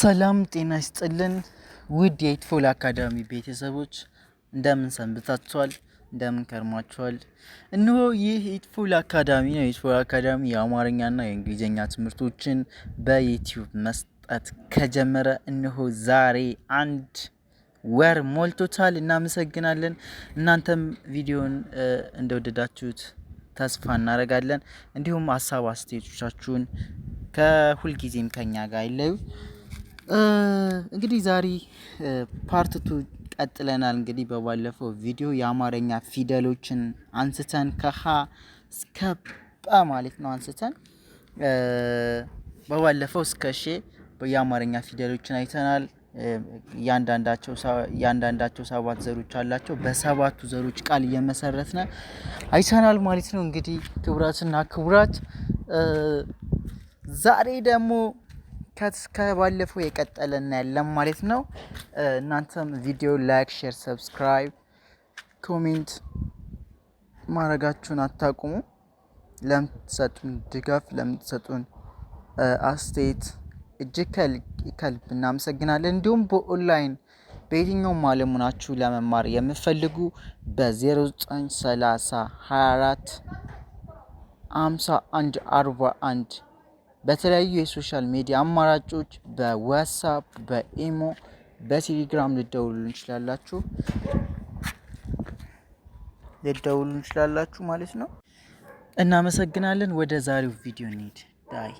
ሰላም ጤና ይስጥልን ውድ የኢትፎል አካዳሚ ቤተሰቦች እንደምን ሰንብታችኋል? እንደምን ከርማችኋል? እንሆ ይህ ኢትፎል አካዳሚ ነው። ኢትፎል አካዳሚ የአማርኛና የእንግሊዝኛ ትምህርቶችን በዩቲዩብ መስጠት ከጀመረ እንሆ ዛሬ አንድ ወር ሞልቶታል። እናመሰግናለን። እናንተም ቪዲዮን እንደወደዳችሁት ተስፋ እናደርጋለን። እንዲሁም ሀሳብ አስተያየቶቻችሁን ከሁልጊዜም ከኛ ጋር አይለዩ። እንግዲህ ዛሬ ፓርት ቱ ቀጥለናል። እንግዲህ በባለፈው ቪዲዮ የአማርኛ ፊደሎችን አንስተን ከሀ እስከ ጳ ማለት ነው አንስተን በባለፈው እስከ ሼ የአማርኛ ፊደሎችን አይተናል። እያንዳንዳቸው ሰባት ዘሮች አላቸው። በሰባቱ ዘሮች ቃል እየመሰረትነ አይተናል ማለት ነው። እንግዲህ ክቡራትና ክቡራት ዛሬ ደግሞ ከባለፈው የቀጠለ እናያለን ማለት ነው። እናንተም ቪዲዮ ላይክ፣ ሼር፣ ሰብስክራይብ፣ ኮሜንት ማድረጋችሁን አታቁሙ። ለምትሰጡን ድጋፍ፣ ለምትሰጡን አስተያየት እጅግ ከልብ እናመሰግናለን። እንዲሁም በኦንላይን በየትኛውም ዓለም ሆናችሁ ለመማር የምፈልጉ በ0930 24 51 41 በተለያዩ የሶሻል ሚዲያ አማራጮች በዋትሳፕ፣ በኢሞ፣ በቴሌግራም ልደውሉ እንችላላችሁ ልደውሉ እንችላላችሁ ማለት ነው። እናመሰግናለን። ወደ ዛሬው ቪዲዮ እንሂድ። ዳይ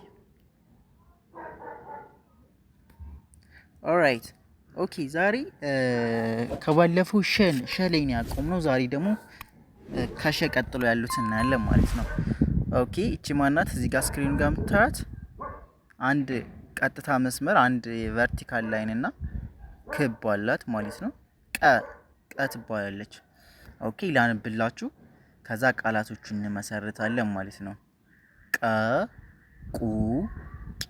ኦራይት ኦኬ። ዛሬ ከባለፈው ሸን ሸሌን ያቆም ነው። ዛሬ ደግሞ ከሸ ቀጥሎ ያሉት እናያለን ማለት ነው። ኦኬ፣ እቺ ማናት? እዚህ ጋር ስክሪኑ ጋር ምታያት አንድ ቀጥታ መስመር አንድ ቨርቲካል ላይን እና ክብ አላት ማለት ነው። ቀ ቀ ትባላለች። ኦኬ ላንብላችሁ፣ ከዛ ቃላቶቹ እንመሰርታለን ማለት ነው። ቀ ቁ ቂ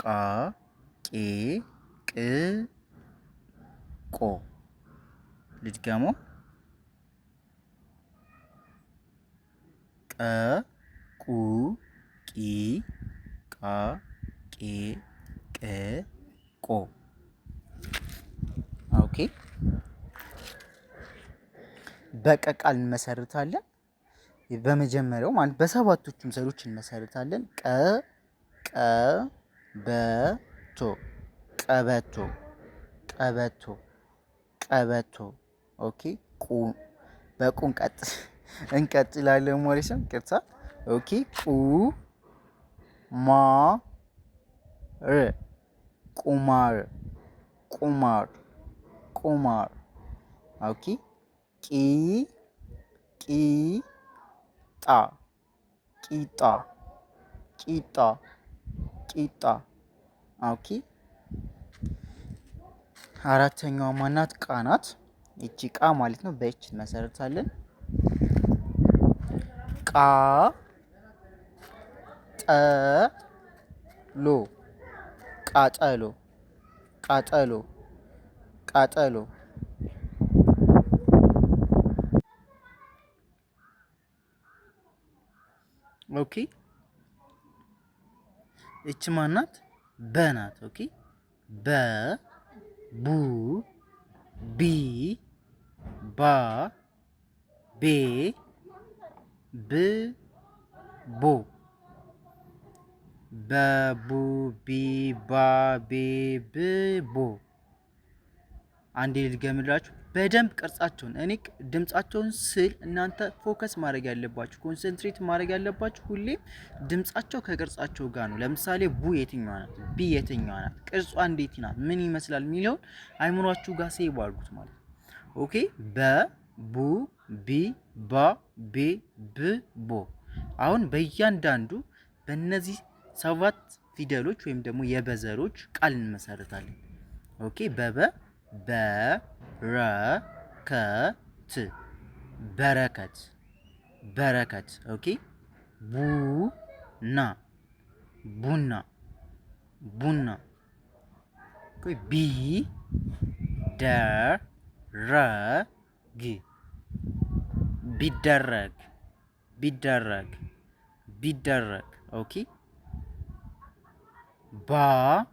ቃ ቄ ቅ ቆ። ልድገሞ ቀ ቁ ቂ ቃ ቄ ቅ ቆ ኦኬ። በቀ ቃል እንመሰርታለን። በመጀመሪያው ማለት በሰባቶቹም ፊደሎች እንመሰርታለን። ቀ ቀ በ ቀበቶ ቀበቶ ቀበቶ ኦኬ። ቁ በቁ እንቀጥላለን ማለት ነው። ቅርታ ኦኬ ቁ ማር ቁማር ቁማር ቁማር ኦኬ ቂ ቂጣ ቂጣ ቂጣ ቂጣ ኦኬ አራተኛዋ ማናት ቃ ናት ይቺ ቃ ማለት ነው በእች መሰረታለን ቃ ቃጠሎ ቃጠሎ ቃጠሎ ቃጠሎ ኦኬ እች ማናት በናት ኦኬ በ ቡ ቢ ባ ቤ ብ ቦ በቡቢባቤብቦ አንዴ ልድገምላችሁ በደንብ ቅርጻቸውን እኔ ድምጻቸውን ስል እናንተ ፎከስ ማድረግ ያለባችሁ ኮንሰንትሬት ማድረግ ያለባችሁ ሁሌም ድምጻቸው ከቅርጻቸው ጋር ነው። ለምሳሌ ቡ የትኛዋ ናት? ቢ የትኛዋ ናት? ቅርጿ እንዴት ናት? ምን ይመስላል የሚለውን አይምሯችሁ ጋር ሴቭ አድርጉት ማለት ኦኬ። በ ቡ ቢ ባ ቤ ብ ቦ አሁን በእያንዳንዱ በእነዚህ ሰባት ፊደሎች ወይም ደግሞ የበዘሮች ቃል እንመሰርታለን። ኦኬ በበ በ ረ ከ ት በረከት በረከት። ኦኬ ቡ ና ቡና ቡና ቢ ደ ረ ግ ቢደረግ ቢደረግ ቢደረግ ኦኬ ባሰበት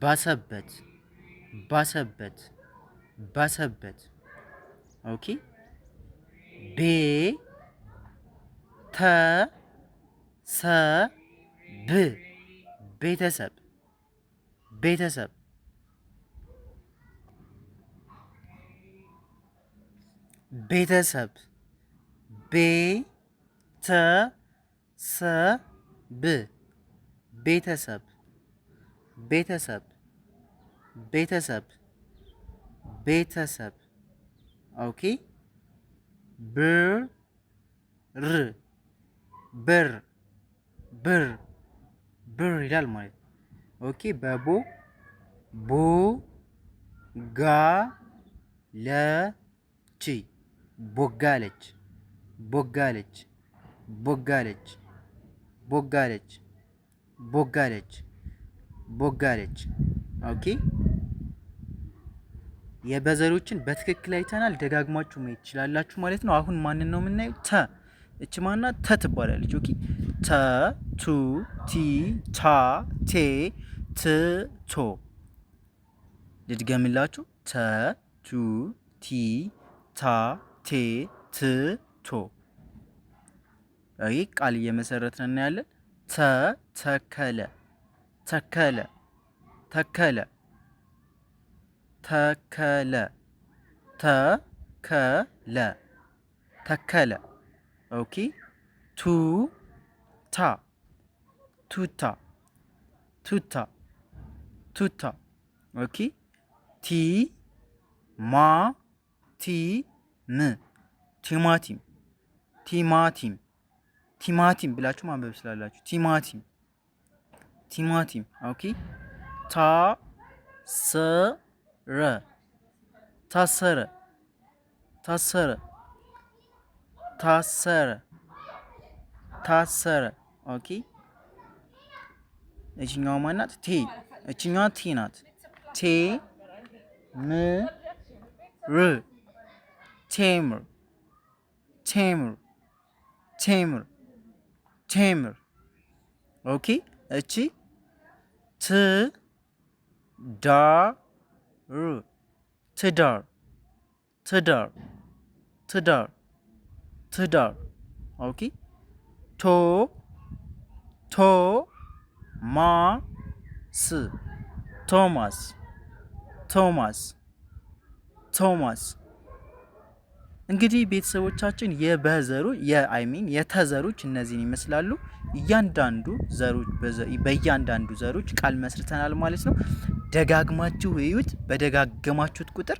ባሰበት ባሰበት ባሰበት ኦኬ ቤተሰብ ቤተሰብ ቤተሰብ ቤተሰብ ቤተሰብ ሰብ ቤተሰብ ቤተሰብ ቤተሰብ ቤተሰብ ኦኬ ብር ብር ብር ብር ይላል ማለት ነው። ኦኬ በቦ ቦ ጋ ለቺ ቦጋለች ቦጋለች ቦጋለች ቦጋለች ቦጋለች ቦጋለች ኦኬ። የበዘሮችን በትክክል አይተናል። ደጋግማችሁ ማየት ትችላላችሁ ማለት ነው። አሁን ማንን ነው የምናየው? ተ እች ማናት? ተ ትባላለች። ኦኬ ተ ቱ ቲ ታ ቴ ት ቶ። ልድገምላችሁ። ተ ቱ ቲ ታ ቴ ት ቶ ይህ ቃል እየመሰረትን እናያለን። ተ ተከለ ተከለ ተከለ ተከለ ተከለ ተከለ። ኦኬ ቱ ታ ቱታ ቱታ ቱታ። ኦኬ ቲ ማ ቲ ም ቲማቲም ቲማቲም ቲማቲም ብላችሁ ማንበብ ስላላችሁ ቲማቲም ቲማቲም። ኦኬ ታ ሰረ ታሰረ ታሰረ ታሰረ ታሰረ። ኦኬ እችኛዋ ማናት? ቴ እችኛዋ ቴ ናት። ቴ ም ር ቴምር ቴምር ቴምር ቴምር ኦኬ። እቺ ት ዳር ትዳር ትዳር ትዳር ትዳር ኦኬ። ቶ ቶ ማ ስ ቶማስ ቶማስ ቶማስ እንግዲህ ቤተሰቦቻችን የበዘሩ የአይሚን የተዘሮች እነዚህን ይመስላሉ። እያንዳንዱ ዘሮች በእያንዳንዱ ዘሮች ቃል መስርተናል ማለት ነው። ደጋግማችሁ እዩት። በደጋገማችሁት ቁጥር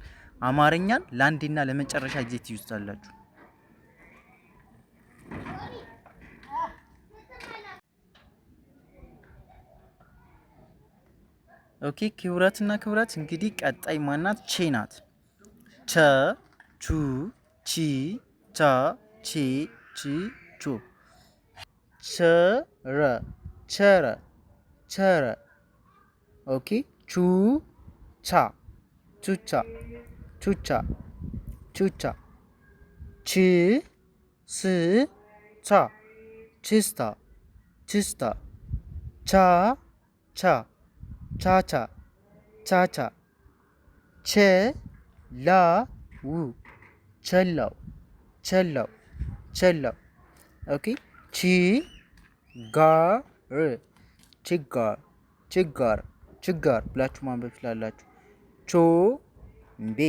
አማርኛን ለአንዴና ለመጨረሻ ጊዜ ትይዙታላችሁ። ኦኬ ክብረትና ክብረት እንግዲህ ቀጣይ ማናት? ቼ ናት። ቸ ቹ 지, 자, 지, 지, 주. 쳐라, 쳐라, 쳐라. 오케이? 주, 차, 주차, 주차, 주차. 지, 스, 차, 지스타, 지스타. 자, 차, 자차, 자차. 체, 라, 우. છેલ્લો છેલ્લો છેલ્લો ઓકે છી ጋር ችጋር ችጋር ችጋር ብላችሁ ማንበብ ትችላላችሁ። ቾምቤ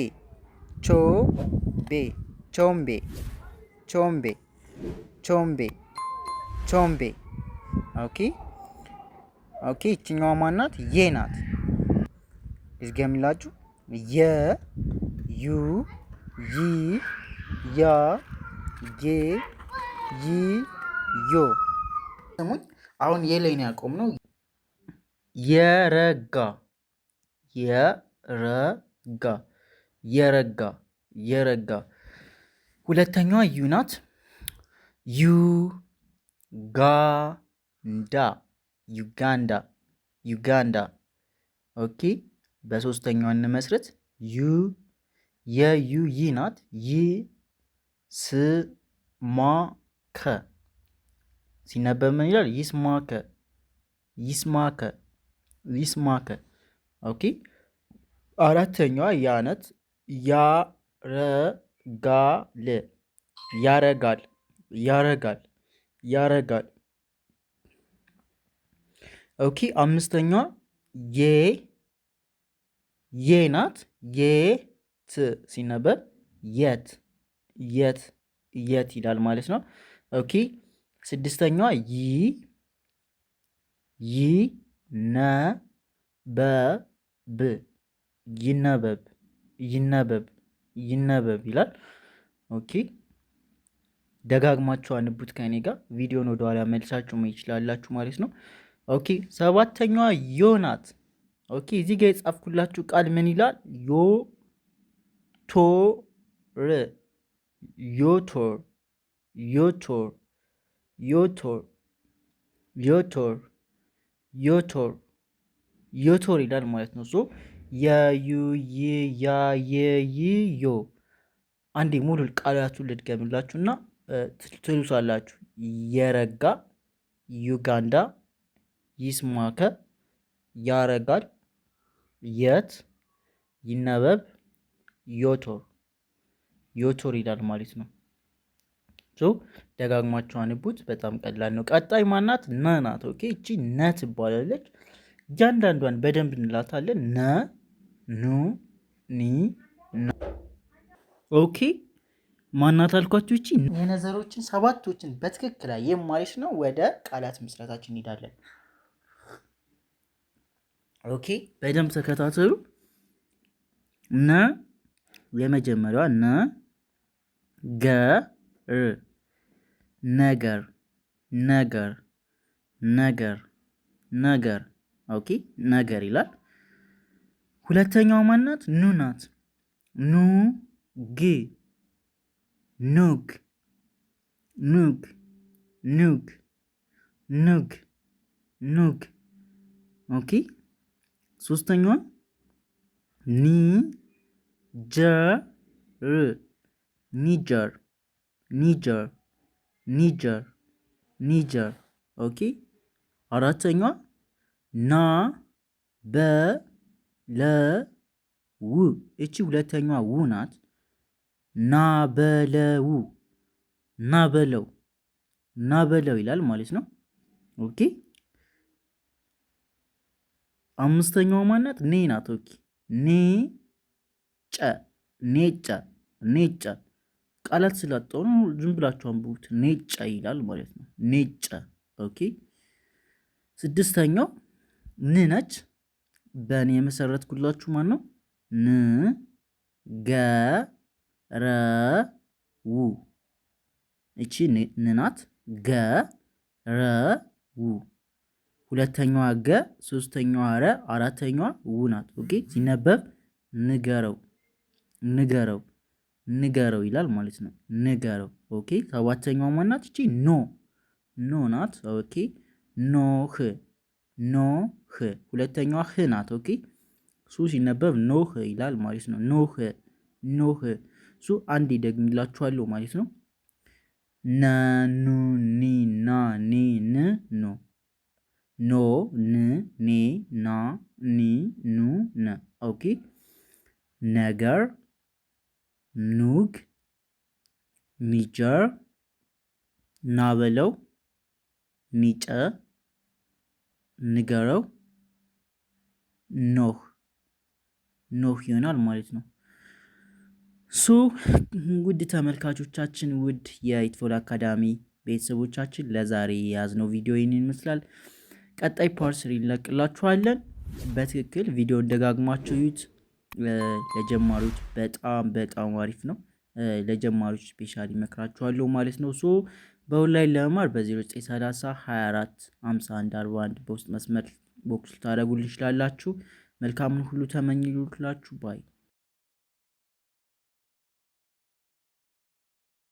ቾቤ ቾምቤ ቾምቤ ቾምቤ ቾምቤ ኦኬ ኦኬ። ይችኛዋ ማናት? የ ናት። ልዝገምላችሁ የ ዩ ይ ያ ጌ ይ ዮ ስሙኝ። አሁን የላይን ያቆም ነው። የረጋ የረጋ የረጋ የረጋ። ሁለተኛዋ ዩ ናት። ዩ ጋ ዳ ዩጋንዳ ዩጋንዳ። ኦኬ በሶስተኛዋ እንመስረት ዩ የዩይ ናት። ይ ስ ማ ከ ሲነበብ ምን ይላል? ይስማከ ይስማከ ይስማከ። ኦኬ አራተኛዋ ያ ያረጋል ያረጋል ያረጋል ያረጋል። ኦኬ አምስተኛዋ የ የ ናት። የ ት ሲነበብ የት የት የት ይላል ማለት ነው። ኦኬ ስድስተኛዋ ይ ይ ነ በ ብ ይነበብ ይነበብ ይነበብ ይላል። ኦኬ ደጋግማችሁ አንቡት ከኔ ጋር ቪዲዮን ወደኋላ መልሳችሁ መሄድ ይችላላችሁ ማለት ነው። ኦኬ ሰባተኛዋ ዮ ናት። ኦኬ እዚህ ጋር የጻፍኩላችሁ ቃል ምን ይላል? ዮ ቶር ዮቶር ዮቶር ዮቶር ዮቶር ዮቶር ዮቶር ይላል ማለት ነው። ሶ የዩይ ያየይዮ አንዴ ሙሉ ቃላቱን ልድገምላችሁ እና ትሉሳላችሁ። የረጋ ዩጋንዳ ይስማከ ያረጋል የት ይነበብ ዮቶር ዮቶር ይላል ማለት ነው። ሶ ደጋግማችሁ አንቡት። በጣም ቀላል ነው። ቀጣይ ማናት? ነ ናት። ኦኬ እቺ ነ ትባላለች። እያንዳንዷን በደንብ እንላታለን። ነ፣ ኑ፣ ኒ፣ ነ። ኦኬ ማናት አልኳችሁ? እቺ የነዘሮችን ሰባቶችን በትክክል አየን ማለት ነው። ወደ ቃላት ምስረታችን እንሄዳለን። ኦኬ በደንብ ተከታተሉ። ነ የመጀመሪያዋ ነ ገ ር ነገር ነገር ነገር ነገር ኦኬ ነገር ይላል። ሁለተኛው ማናት? ኑ ናት። ኑ ግ ኑግ ኑግ ኑግ ኑግ ኑግ ኦኬ ሶስተኛዋ ኒ ጀር ኒጀር ኒጀር ኒጀር ኒጀር ኦኬ። አራተኛዋ ና በ ለ ው እቺ ሁለተኛዋ ው ናት። ና በለው ና በለው ና በለው ይላል ማለት ነው። ኦኬ አምስተኛዋ ማናት? ኔ ናት። ኦኬ ኔ ጨ ኔጨ ኔጨ ቃላት ስላጣው ዝም ብላችሁ አንብቡት። ኔጨ ይላል ማለት ነው። ኔጨ ኦኬ። ስድስተኛው ን ነች። በን የመሰረትኩላችሁ ማን ነው? ን ገ ረ ው እቺ ን ናት። ገ ረ ው ሁለተኛዋ ገ፣ ሶስተኛዋ ረ፣ አራተኛዋ ው ናት። ኦኬ ሲነበብ ንገረው ንገረው ንገረው ይላል ማለት ነው። ንገረው ኦኬ። ሰባተኛው ማናት እቺ ኖ ኖ ናት። ኦኬ ኖህ ኖህ። ሁለተኛዋ ህ ናት። ኦኬ ሱ ሲነበብ ኖህ ይላል ማለት ነው። ኖ ህ ሱ አንዴ ደግምላችኋለሁ ማለት ነው። ናኑኒናኔን ኖ ኖ ን ኔ ና ኒ ኑ ነ ኦኬ ነገር ኑግ ሚጀር ናበለው ሚጨ ንገረው ኖህ ኖህ ይሆናል ማለት ነው። ሶ ውድ ተመልካቾቻችን ውድ የኢትፎል አካዳሚ ቤተሰቦቻችን ለዛሬ የያዝነው ቪዲዮ ይህን ይመስላል። ቀጣይ ፓርት ስሪ እንለቅላችኋለን። በትክክል ቪዲዮ ደጋግማችሁ ዩት ለጀማሪዎች በጣም በጣም አሪፍ ነው። ለጀማሪዎች ስፔሻሊ እመክራችኋለሁ ማለት ነው። ሶ በኦንላይን ለመማር በ0930 24 51 41 በውስጥ መስመር ቦክስ ልታደርጉልን ትችላላችሁ። መልካምን ሁሉ ተመኝሉላችሁ ባይ